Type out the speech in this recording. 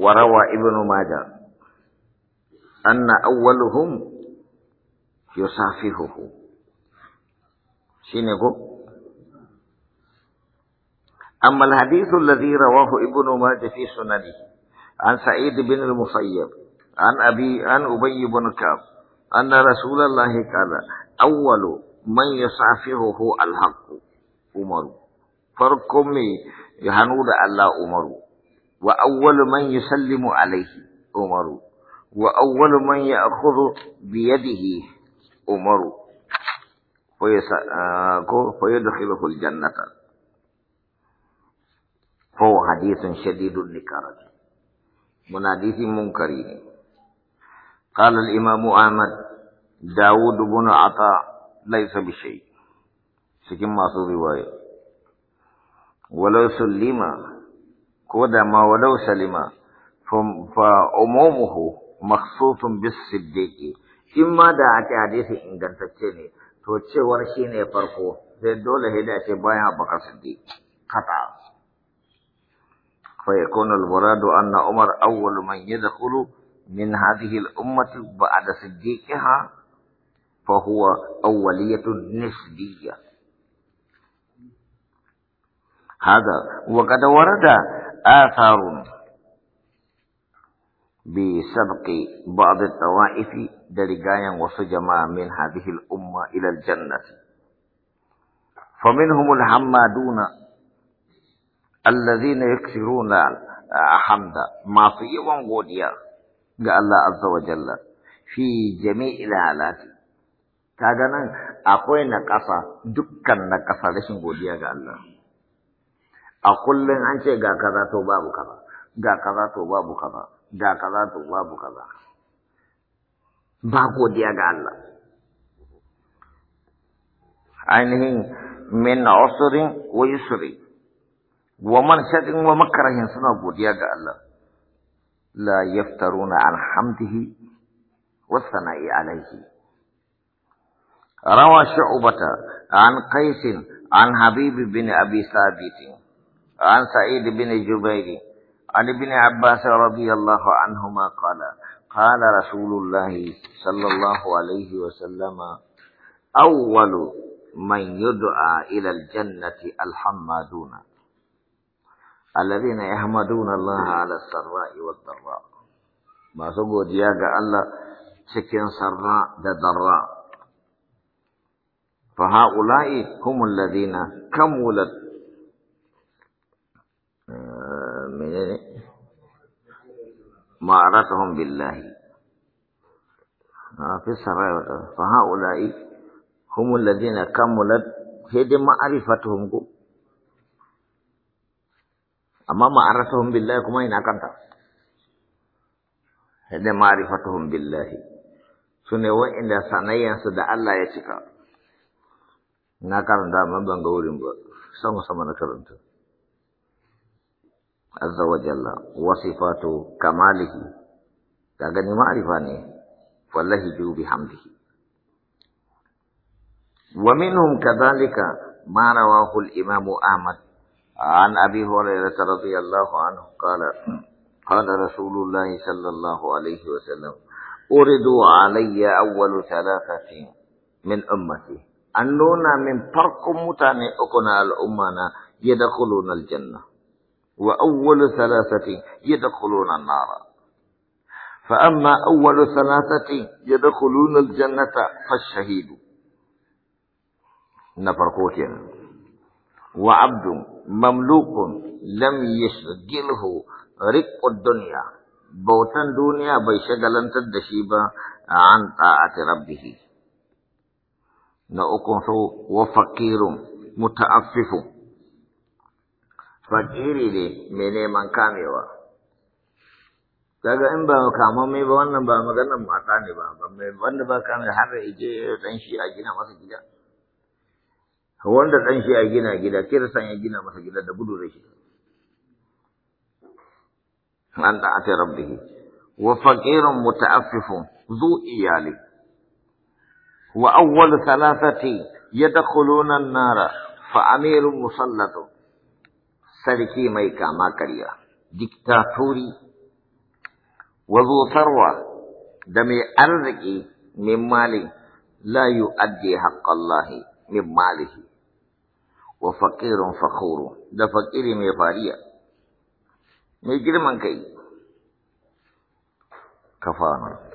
وروى ابن ماجه أن أولهم يصافحه شنو أما الحديث الذي رواه ابن ماجه في سننه عن سعيد بن المصيب عن أبي عن أبي بن كعب أن رسول الله قال أول من يصافحه الحق عمر فرق مي يهنود الله عمر وأول من يسلم عليه عمر وأول من يأخذ بيده عمر آه، فيدخله الجنة فهو حديث شديد النكارة من حديث منكرين قال الإمام أحمد داود بن عطاء ليس بشيء سكن ما رواية ولو سلم كودا ما ولو سلم فعمومه مخصوص بالصديق إما دا أتي حديث إن كانت تشيني تو تشي ورشيني فرقو زي دولة هدا تشي بايا بقى صديق قطع فيكون المراد أن عمر أول من يدخل من هذه الأمة بعد صديقها فهو أولية نسبية هذا وقد ورد آثار بسبق بعض الطوائف دلقايا وسجما من هذه الأمة إلى الجنة فمنهم الحمادون الذين يكسرون حمد معصية وغودية قال الله عز وجل في جميع الحالات كاغانا nan نقصا دكا نقصا لشن na قال الله a kullum an ce ga kaza to babu kaza ga kaza to babu kaza ga kaza to babu kaza ba godiya ga Allah ainihin min usrin wa yusri wa manshadin wa makarahin suna godiya ga Allah la yaftaruna an hamdihi wa sana'i alaihi روى شعبة عن قيس عن حبيب بن أبي ثابت عن سعيد بن جبير عن ابن عباس رضي الله عنهما قال قال رسول الله صلى الله عليه وسلم أول من يدعى إلى الجنة الحمادون الذين يحمدون الله على السراء والضراء ما سقوا دياغا الله سكن سراء ضراء فهؤلاء هم الذين كملت ma'aratuhum billahi ah, fi sarai fa haula'i hum alladhina kamulat hadi ma'rifatuhum ku amma ma'aratuhum billahi kuma ina kanta hadi ma'rifatuhum billahi sune wa inda sanayan su da Allah ya cika na karanta mabban gaurin ba sama sama na karanta عز وجل وصفات كماله كغني معرفاني فالله جو بحمده ومنهم كذلك ما رواه الإمام أحمد عن أبي هريرة رضي الله عنه قال قال رسول الله صلى الله عليه وسلم أردوا علي أول ثلاثة من أمتي أنونا من فرق متاني أكون الأمانا يدخلون الجنة وأول ثلاثة يدخلون النار فأما أول ثلاثة يدخلون الجنة فالشهيد نفرقوتين يعني. وعبد مملوك لم يشغله رق الدنيا بوتا دنيا انت الدشيبة عن طاعة ربه نأكون وفقير متعفف fakiri ne mai neman kamewa daga in ba mai ba wannan ba maganar mata ne ba wanda ba kame har ije dan shi a gina masa gida wanda dan shi a gina gida san ya gina masa gida da gudu zai shiga an ake rabbi. wa fakirin muta'affifun zu iyali wa awwal salasati yadkhuluna an-nara fa amirun musallatun sarki mai kama karya diktatori wazotarwa da mai arziki min mali, la adde haƙƙallahi min malihi wa faƙirin faƙoro da faƙiri mai fariya mai girman kai kafana